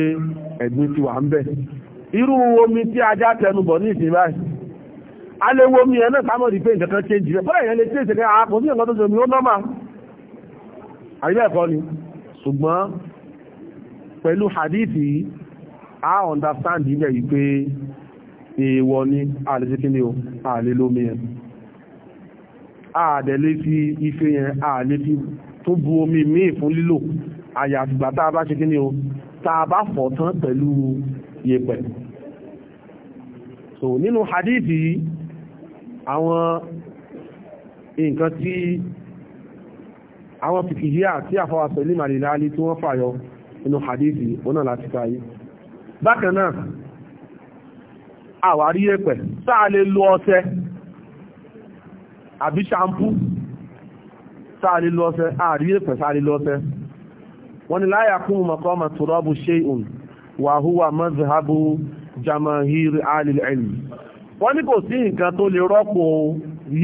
ẹ̀gbin ti wà ń omi tí ajá tẹnubọ̀ ní ìsìn báyìí a lè wo omi ẹ̀ náà sámọ̀ rí pé change rẹ̀ bọ́lá ìyẹn lè sí omi àríbẹ̀ẹ̀kọ́ ni ṣùgbọ́n pẹ̀lú hadithi a understand ibẹ̀ yìí pé èèwọ̀ ni àlèsíkíní o àlè lómi yẹn àdẹ̀lé fi ife yẹn àlè fi tó bu omi míì fún lílò àyàfìgbà tá a bá ṣe kíní o tá a bá fọ̀ tán pẹ̀lú yẹ̀pẹ̀ so nínú hadithi àwọn nǹkan tí àwọn fìkìyà tí àfọwà pẹ̀lú màlìlá alí tí wọ́n fàyọ inú hadithi òun náà láti káyé bákan náà àwárí ẹ̀pẹ̀ sáà lè lo ọṣẹ àbí ṣampú sáà lè lo ọṣẹ àrí ẹ̀pẹ̀ sáà lè lo ọṣẹ wọ́n ni láyà kún mọ̀kọ́mọ̀ tùrọ́bù ṣe'un wà húwà mọ́zàbù jamahiri alìlẹ̀lì wọ́n ní kò sí nǹkan tó lè rọ́pò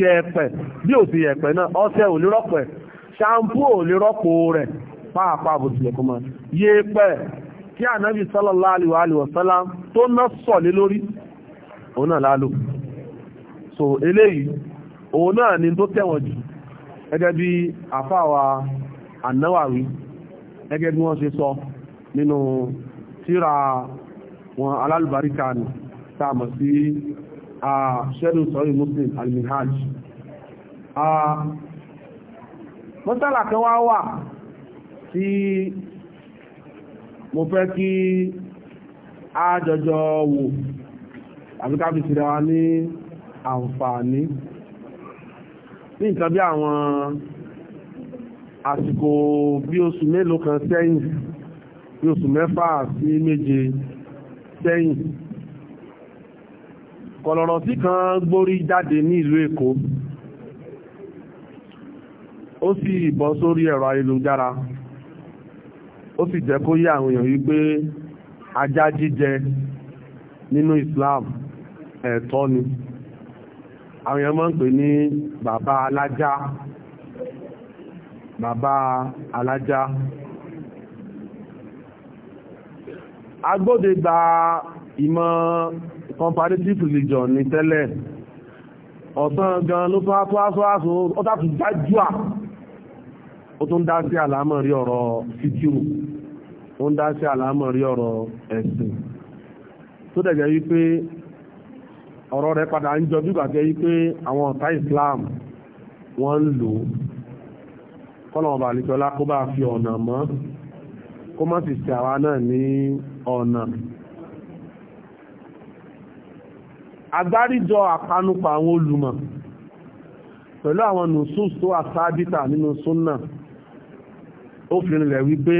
yẹ̀pẹ̀ bí ò sí yẹ̀pẹ̀ náà ọṣẹ ò lè rọ́pò ẹ̀ ṣàǹpú ò lè rọ́pò rẹ̀ pàápàá bó tilẹ̀ kó máa yé pẹ́ kí ànábì sallallahu alaihi wa sallam tó ná sọ̀lé lórí òun náà lálò so eléyìí òun náà ni tó tẹ̀wọ̀n jù gẹ́gẹ́ bí àfáwà ànáwàwí gẹ́gẹ́ bí wọ́n ṣe sọ nínú tíra wọn alálùbáríkà nì sáàmọ̀ sí ṣẹ́dùn sọ́rí muslim al-minhaj mọ́sálà kan wá wà tí mo fẹ́ kí a jọjọ wò àbíkábi sí wa ní àǹfààní ní nǹkan bí àwọn àsìkò bí oṣù mélòó kan sẹ́yìn bí oṣù mẹ́fà sí méje sẹ́yìn kọ̀lọ̀rọ̀ sí kan gbórí jáde ní ìlú Èkó ó sì bọ́ sórí ẹ̀rọ ayélujára ó sì jẹ́ kó yé àwọn èèyàn wípé ajá jíjẹ nínú Islam ẹ̀tọ́ ni àwọn èèyàn máa ń pè ní bàbá alájá bàbá alájá agbóde gba ìmọ̀ comparative religion ní tẹ́lẹ̀ ọ̀sán gan ló fún afọ́ afọ́ afọ́ ọ́tàtù jájúà ó tún dá sí àlámọ̀ rí ọ̀rọ̀ fíkíù ó ń dá sí àlámọ̀ rí ọ̀rọ̀ ẹ̀sìn tó dẹ̀ jẹ́ wípé ọ̀rọ̀ rẹ̀ padà ń jọ bígbà jẹ́ wípé àwọn ọ̀tá Islam wọ́n ń lò kọ́nà ọba àlejọ́lá kó bá fi ọ̀nà mọ́ kó má sì ṣe àwa náà ní ọ̀nà agbáríjọ àpanupọ̀ àwọn olùmọ̀ pẹ̀lú àwọn nùsùs tó àsábítà nínú súnnà ó fi rinlẹ̀ wípé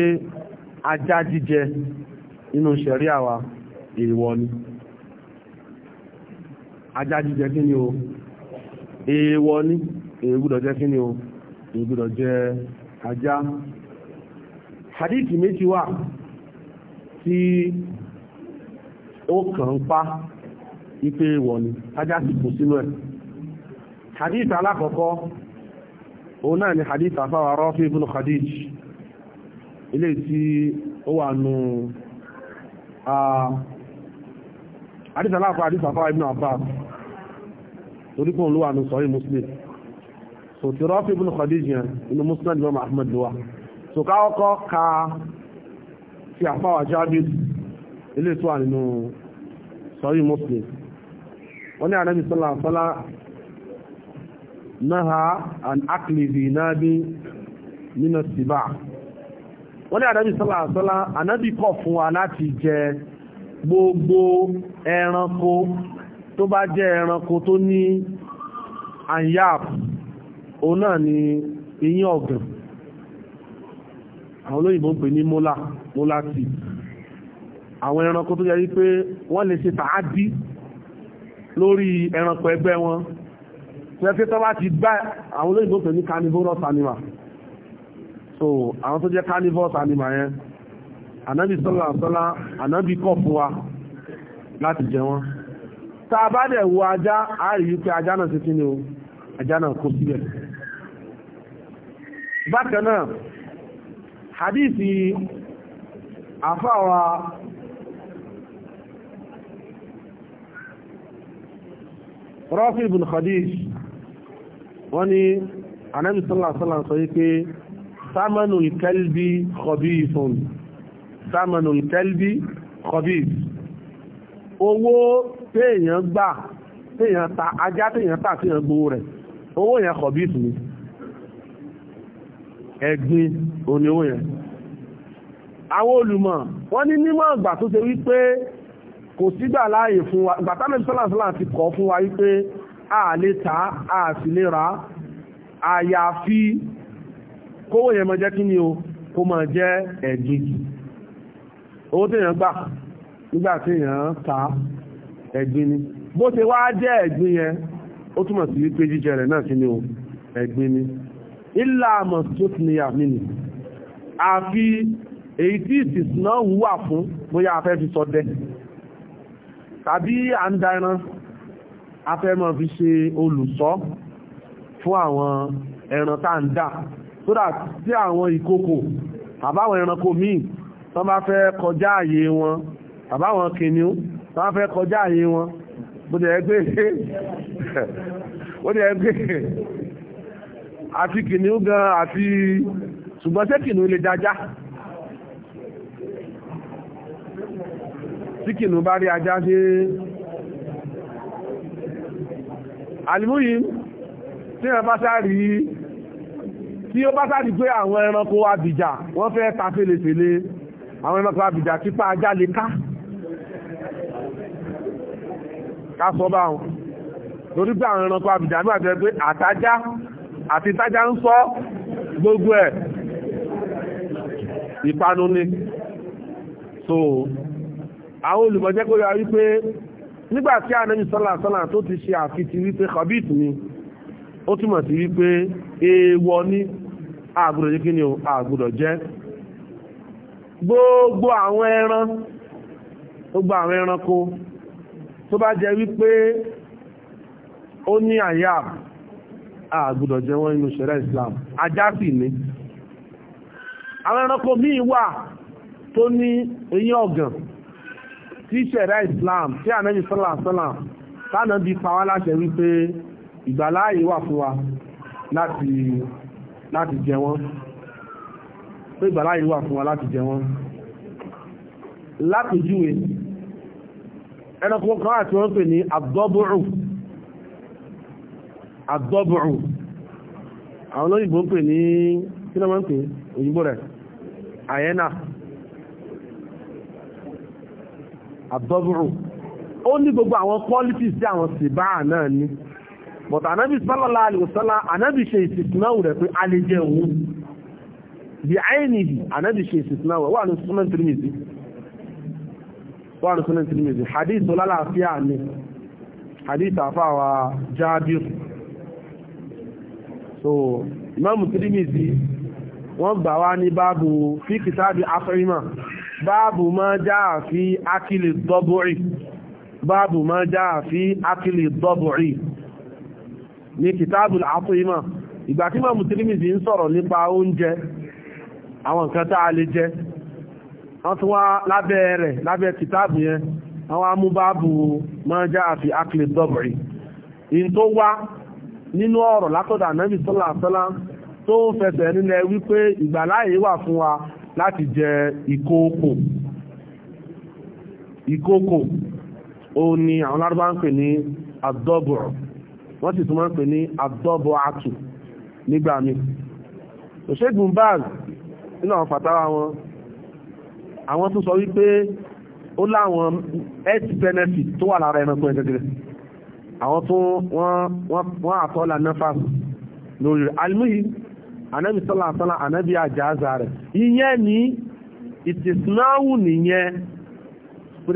ajá jíjẹ inú ṣẹ̀rí àwà èèwọ̀ ni ajá jíjẹ kí ni o èèwọ̀ ni èègbúdọ̀ jẹ́ kí ni o èègbúdọ̀ jẹ́ ajá hadith méjì wà tí ó kàn ń pa ipé èèwọ̀ ni ajá sì kù sínú ẹ̀ hadith alákọ̀ọ́kọ́ òun náà ni hadith àfáwà Rafi ibn Khadij ilé tí ó wà nù àdísàláàfà àdísàfà ibn Abbas torípùn ló wà nù sọ́rí Muslim so ti rọ́fí ibn Khadijah inú Muslim Imam Ahmad ló wà so káwọ́kọ́ ka ti àfáwà Jabir ilé tó wà nínú sọ́rí Muslim wọ́n ní ànábì sọ́lá náà an akli zinabi nínú sibá wọ́n ní ànábì sọ́lá àsọ́lá ànábì kọ̀ fún wa láti jẹ gbogbo ẹranko tó bá jẹ́ ẹranko tó ní anyap òun náà ni eyín ọ̀gàn àwọn olóyìnbó pè ní mola mola ti àwọn ẹranko tó yẹrí pé wọ́n lè ṣe tàádí lórí ẹranko ẹgbẹ́ wọn tí wọ́n fi tọ́ bá ti gbá àwọn olóyìnbó pè ní carnivorous animal so àwọn tó jẹ́ carnivores animal yẹn ànábì sọ́lá sọ́lá ànábì kọ̀ fún wa láti jẹ wọ́n tá a bá dẹ̀ wo ajá a rí wípé ajá náà ti kíni o ajá náà kó síbẹ̀ bákan náà hadithi àfáwa Rafi ibn Khadij wọ́n ní ànábì sọ́lá sọ́lá sọ wípé sámánù ìkẹ́lbí kọ̀bí ìfún sámánù ìkẹ́lbí kọ̀bí owó téèyàn gbà téèyàn ta ajá téèyàn tà téèyàn gbowó rẹ̀ owó yẹn kọ̀bí ìfún ẹ̀gbin òní owó yẹn àwọn olùmọ̀ wọ́n ní nímọ̀ ìgbà tó ṣe wípé kò sígbà láàyè fún wa ìgbà tánàbí sọ́làsọ́là ti kọ̀ fún wa wípé a lè ta a sì lè ra àyàfi kówó yẹn máa jẹ́ kí ni o kó máa jẹ́ ẹ̀gbèjì owó téèyàn gbà nígbà téèyàn ta ẹ̀gbin ni bó ṣe wá jẹ́ ẹ̀gbin yẹn ó túmọ̀ sí wípé jíjẹ rẹ̀ náà kí ni o ẹ̀gbin ni ilá àmọ̀ tó ti ní yàmí ni àfi èyí tí ìsìsì náà wúwà fún bóyá afẹ́ fi ṣọdẹ tàbí à ń da ẹran afẹ́ máa fi ṣe olùṣọ́ fún àwọn ẹran tá à ń dà sódà tí àwọn ìkòkò àbáwọn ẹranko míì tán bá fẹ́ kọjá àyè wọn àbáwọn kìnìún tán bá fẹ́ kọjá àyè wọn bó jẹ́ pé ó jẹ́ pé àti kìnìún gan àti ṣùgbọ́n ṣé kìnìún lè dájá tí kìnìún bá rí ajá ṣe alimuyi tí wọ́n bá sáà rí tí ó bá sáàdì pé àwọn ẹranko abìjà wọ́n fẹ́ ta fèlèfèlè àwọn ẹranko abìjà kípa ajá lè ká ká sọ bá wọn torí pé àwọn ẹranko abìjà ní àjẹ́ pé àtajá àti tájá ń sọ gbogbo ẹ̀ ìpanu ni so àwọn olùmọ̀jẹ́ kó yọ wípé nígbàtí ànẹ́bí sọ́là sọ́là tó ti ṣe àfitì wípé khabith ni ó túmọ̀ sí wípé èèwọ̀ ni àgbùdọ̀ jẹ́ kí ni o àgbùdọ̀ jẹ́ gbogbo àwọn ẹran gbogbo àwọn ẹranko tó bá jẹ́ wípé ó ní àyà àgbùdọ̀ jẹ́ wọ́n inú ṣẹ̀rẹ̀ Islam ajá sì ní àwọn ẹranko míì wà tó ní eyín ọ̀gàn tí ṣẹ̀rẹ̀ Islam tí ànẹ́bí sọ́là sọ́là tánà bí pa wá láṣẹ wípé ìgbàláàyè wà fún wa láti láti jẹ wọ́n pé ìgbàlá ìlú wà fún wa láti jẹ wọ́n lápèjúwe ẹnàkùn kan àti wọ́n pè ní àdọ́bùrù àdọ́bùrù àwọn olóyìnbó pè ní kí lọ́wọ́n pè òyìnbó rẹ̀ àyẹ́nà àdọ́bùrù ó ní gbogbo àwọn qualities tí àwọn sìbáà náà ní but anabi sallallahu alaihi wasallam anabi ṣe ìsìsìnáwò rẹ̀ pé a lè jẹ òun bí àìníhì anabi ṣe ìsìsìnáwò wà ní sunan tirimizi wà ní sunan tirimizi hadith olálàáfíà ni hadith àfáwà jábir so imam tirimizi wọ́n gbà wá ní báàbù fi kìtàbí afẹ́rímà báàbù ma já fi akílì dọ́bùrì báàbù ma já fi akílì dọ́bùrì ní kìtàbùl àtúímọ̀ ìgbà tí mọ̀ mùsùlùmí sì ń sọ̀rọ̀ nípa oúnjẹ àwọn nǹkan tá a lè jẹ wọ́n tún wá lábẹ́ rẹ̀ lábẹ́ kìtàbù yẹn wọ́n wá mú báàbù mọ́já àfi akílè dọ́bìrì in tó wá nínú ọ̀rọ̀ látọ̀dà nábì sọ́lá sọ́lá tó ń òun ni àwọn lárúbá ń pè ní àdọ́bùrù wọ́n sì tún máa ń pè ní àdọ́bọ̀ àtù nígbà mi òṣègùn báàz nínú àwọn fàtàwà wọn àwọn tó sọ wípé ó láwọn health benefit tó wà lára ẹranko ẹ̀gẹ́gẹ́rẹ́ àwọn tó wọ́n àtọ́lá nefas lórí alimuyi anabi sọ́lá sọ́lá anabi àjáàzà rẹ̀ ìyẹn ní ìtìsínáwù nìyẹn kò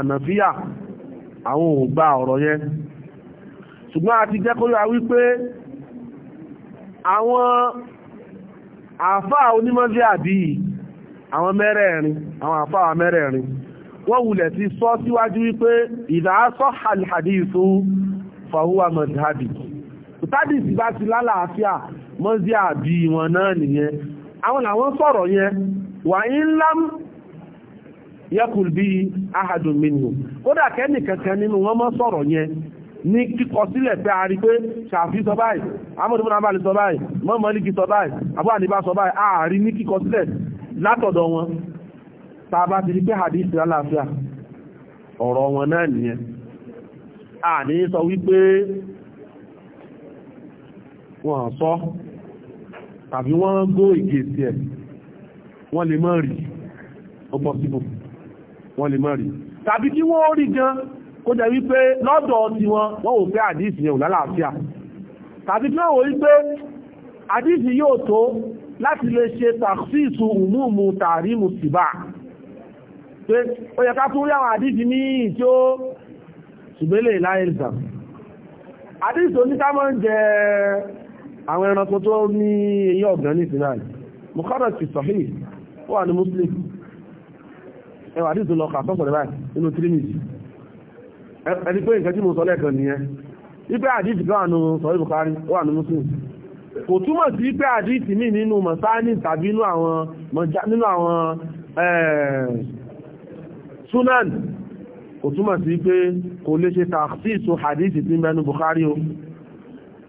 ànàfíà àwọn ò gba ọ̀rọ̀ yẹn ṣùgbọ́n a ti jẹ́ kó yà wípé àwọn àfáà onímọ́sí àbí àwọn mẹ́rẹ̀ẹ̀rin àwọn àfáà mẹ́rẹ̀ẹ̀rin wọ́n wulẹ̀ ti sọ síwájú wípé idha sahha al-hadithu fahuwa madhhabi tádìsì bá ti lálàáfíà mọ́sí àbí wọn náà nìyẹn àwọn làwọn sọ̀rọ̀ yẹn wà in lam yakul bihi ahadun minhum kódà kẹ́nìkankan nínú wọn mọ́ sọ̀rọ̀ yẹn ní kíkọ sílẹ̀ pé a rí pé ṣàfi sọ báyìí amọ́dúnmọ́ náà bá lè sọ báyìí mọ́mọ́líkì sọ báyìí abúhàníbá sọ báyìí ààrí ní kíkọ sílẹ̀ látọ̀dọ̀ wọn tàbá ti rí pé hadith aláàfíà ọ̀rọ̀ wọn náà nìyẹn a ní sọ wípé wọ́n sọ tàbí wọ́n gó ìgèsì ẹ̀ wọ́n lè mọ́ rí ọgbọ́síbò wọ́n lè mọ́ rí tàbí kí wọ́n rí gan kó jẹ́ wípé lọ́dọ̀ ti wọn wọ́n ò fẹ́ àdíìsì yẹn ò lálàáfíà tàbí tí wọ́n wò wípé àdíìsì yóò tó láti lè ṣe tàṣíìsù ìmúùmù tààrí mùsìbà pé ó yẹ ká tún rí àwọn àdíìsì ní tí ó ṣùgbélẹ̀ láìsàn àdíìsì oníkámọ́ ń jẹ àwọn ẹranko tó ní eyín ọ̀gán ní sinai mukhadas ti wà ní muslim ẹwà àdíìsì lọ kà sọ́sọ̀ báyìí nínú tírímìtì ẹni pé nǹkan tí mo sọ lẹ́ẹ̀kan nìyẹn ipe àdìsí kan àánú sọ ibùkárí wà ní muslim kò túmọ̀ sí ipe àdìsí mi nínú mọ̀sáánì tàbí nínú àwọn nínú sunan kò túmọ̀ sí pé kò lè ṣe tàxíìsù àdìsí tí ń bùkárí o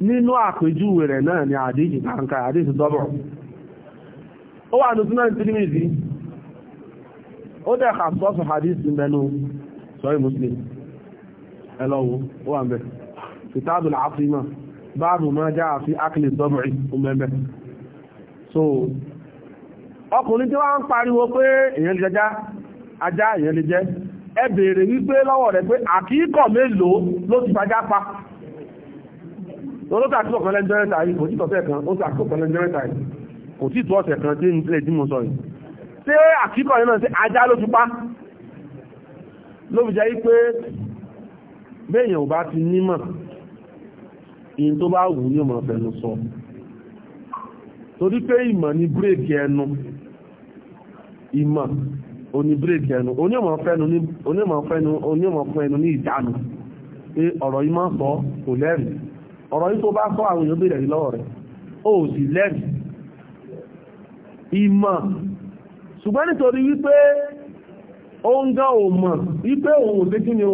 nínú àpèjúwe rẹ̀ náà ni àdìsí kankan àdìsí dọ́bọ̀ ó wà ní sunan tìrìmìsì ó dẹ̀ kà sọ́sù àdìsí ń bẹnu sọ́rí muslim ẹlọ́wọ́ ó wà ń bẹ̀ kìtàbù làásìmọ̀ báàbù máa já àfi ákìlì sọ́bùrì ọmọẹ̀mẹ́ so ọkùnrin tí wọ́n ń pariwo pé èyàn lè jẹjá ajá èyàn lè jẹ ẹ bèèrè wípé lọ́wọ́ rẹ̀ pé àkíkọ̀ mélòó ló ti fàjá pa lọ́lọ́tà àkíkọ̀ kan lẹ́jọ́rẹ́ta yìí kò tí tọ́sẹ̀ kan ó sì àkíkọ̀ kan lẹ́jọ́rẹ́ta yìí kò tí tọ́sẹ̀ kan tí ń tilẹ̀ tí mo sọ yìí ṣé àkíkọ̀ yìí náà ṣe ajá ló ti pa ló fi jẹ́ wípé bẹ́ẹ̀yàn ò bá ti nímọ̀ in tó bá wù ní ọmọ fẹnu sọ torí pé ìmọ̀ ni bírèkì ẹnu ìmọ̀ oní bírèkì ẹnu oníọmọ fún ẹnu ní ìdánu pé ọ̀rọ̀ yìí máa sọ kò lẹ́rìí ọ̀rọ̀ yìí tó bá sọ àwọn èèyàn bèèrè lọ́wọ́ rẹ̀ ó sì lẹ́rìí ìmọ̀ ṣùgbọ́n nítorí wípé ó ń gán òmọ̀ wípé òun ò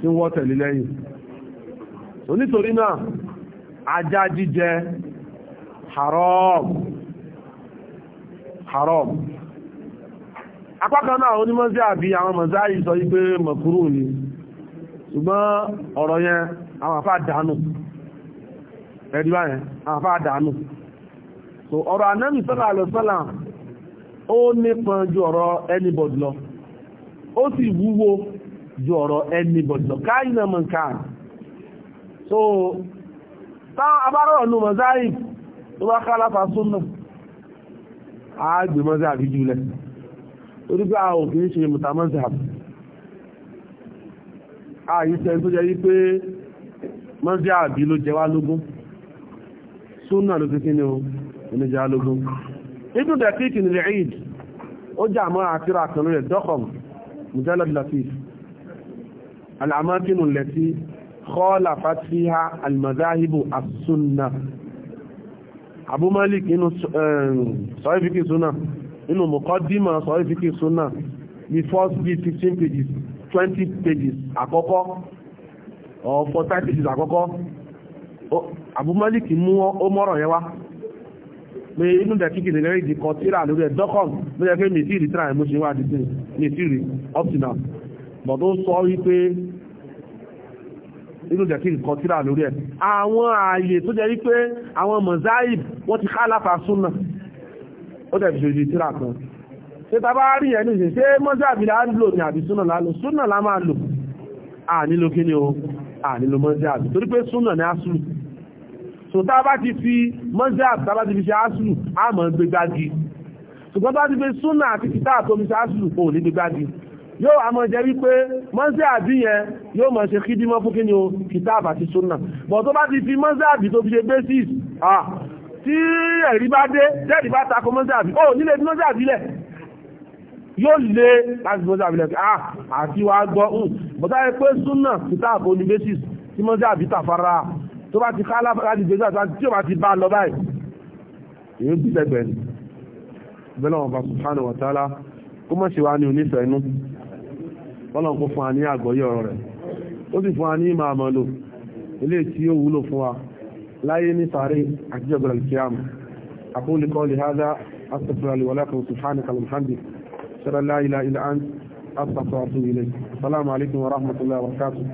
tí wọ́n tẹ̀lé lẹ́yìn so nítorí náà ajá jíjẹ haram haram apákan náà onímọ̀sí àbí àwọn mọ̀sáàrí sọ wípé mọ̀kúrú ni ṣùgbọ́n ọ̀rọ̀ yẹn àwọn àfáà dànù ẹ̀dí báyẹn àwọn àfáà dànù so ọ̀rọ̀ anẹ́mì sọ́lá àlọ́sọ́lá ó nípọn ju ọ̀rọ̀ anybody lọ ó sì wúwo ju ọ̀rọ̀ anybody lọ káyí na mankan so táwọn abárọ̀rọ̀ nù mọ̀sáì tó bá ká láfa súnnà ààgbè mọ́sí àbí jùlẹ̀ torí pé àwọn òkè ń ṣe mùtàmọ́sí àbí ààyí sẹ́ tó jẹ́ wípé mọ́sí àbí ló jẹ wá lógún súnnà ló fi kí ni oníjà lógún ó jà mọ́ àkírà kan lórí ẹ̀dọ́kọ̀m mùjálàbí الأماكن التي خالفت فيها المذاهب السنة أبو مالك إنه صحيفك سنة إنه مقدمة صحيفك سنة the first be 15 pages 20 pages àkọ́kọ́ or 45 pages àkọ́kọ́ Abu Malik mú ó mọ́rọ̀ yẹn wá pé inú dẹ̀ kíkì nílẹ̀ ìdíkọ̀ tíra lórí ẹ̀dọ́kọ̀ lórí ẹgbẹ́ mìtìrì tíra ẹ̀mú ṣe wá dìtì mìtìrì up to now bọ̀dó sọ wípé inú jẹ́ kí nǹkan tíra lórí ẹ̀ àwọn ààyè tó jẹ́ wípé àwọn mọ̀záìb wọ́n ti ká láfa súnà ó dẹ̀ fi ṣe tíra kan ṣe tàbá rí ẹ̀ ní ìṣẹ́ mọ́záìb là ń lò ní àbí súnà lálò súnà lá máa lò ànílò kí ni o ànílò mọ́záìb torí pé súnà ní asùlù so tá bá ti fi mọ́záìb tá bá ti fi ṣe asùlù á mọ̀ gbégbági ṣùgbọ́n tá bá ti fi súnà àti kìtà àtomi ṣe asùlù kò ní gbégbági yóò àmọ́ jẹ́ wípé mọ́sí àbí yẹn yóò mọ̀ ṣe kí dímọ́ fún kíni o kìtàbù àti súnà bọ̀ tó bá ti fi mọ́sí àbí tó fi ṣe basis tí ẹ̀rí bá dé jẹ́rì bá takò mọ́sí àbí ó nílé bí mọ́sí àbí lẹ̀ yóò lé láti mọ́sí àbí lẹ̀ àti wàá gbọ́ bọ̀tá yẹ pé súnà kìtàbù ní basis tí mọ́sí àbí tàfara tó bá ti ká láti gbèsè àti tí ò bá ti bá lọ báyìí èyí bí sẹ́gbẹ̀ẹ́ ni bẹ́lá wọn bá subhanahu wa ta'ala kó mọ̀ sí wa ní onífẹ̀ẹ́ inú kọ́lọ̀ kó fún wa ní àgbọ́yé ọ̀rọ̀ rẹ̀ ó sì fún wa ní ìmọ̀ àmọ́lò ilé tí ó wúlò fún wa láyé ní sàárè àti jẹ́gbẹ̀rẹ̀ ìkíyàmù أقول قولي هذا أستغفر لي ولكم سبحانك اللهم وبحمدك أشهد أن لا إله إلا أنت أستغفر وأتوب إليك السلام عليكم ورحمة الله وبركاته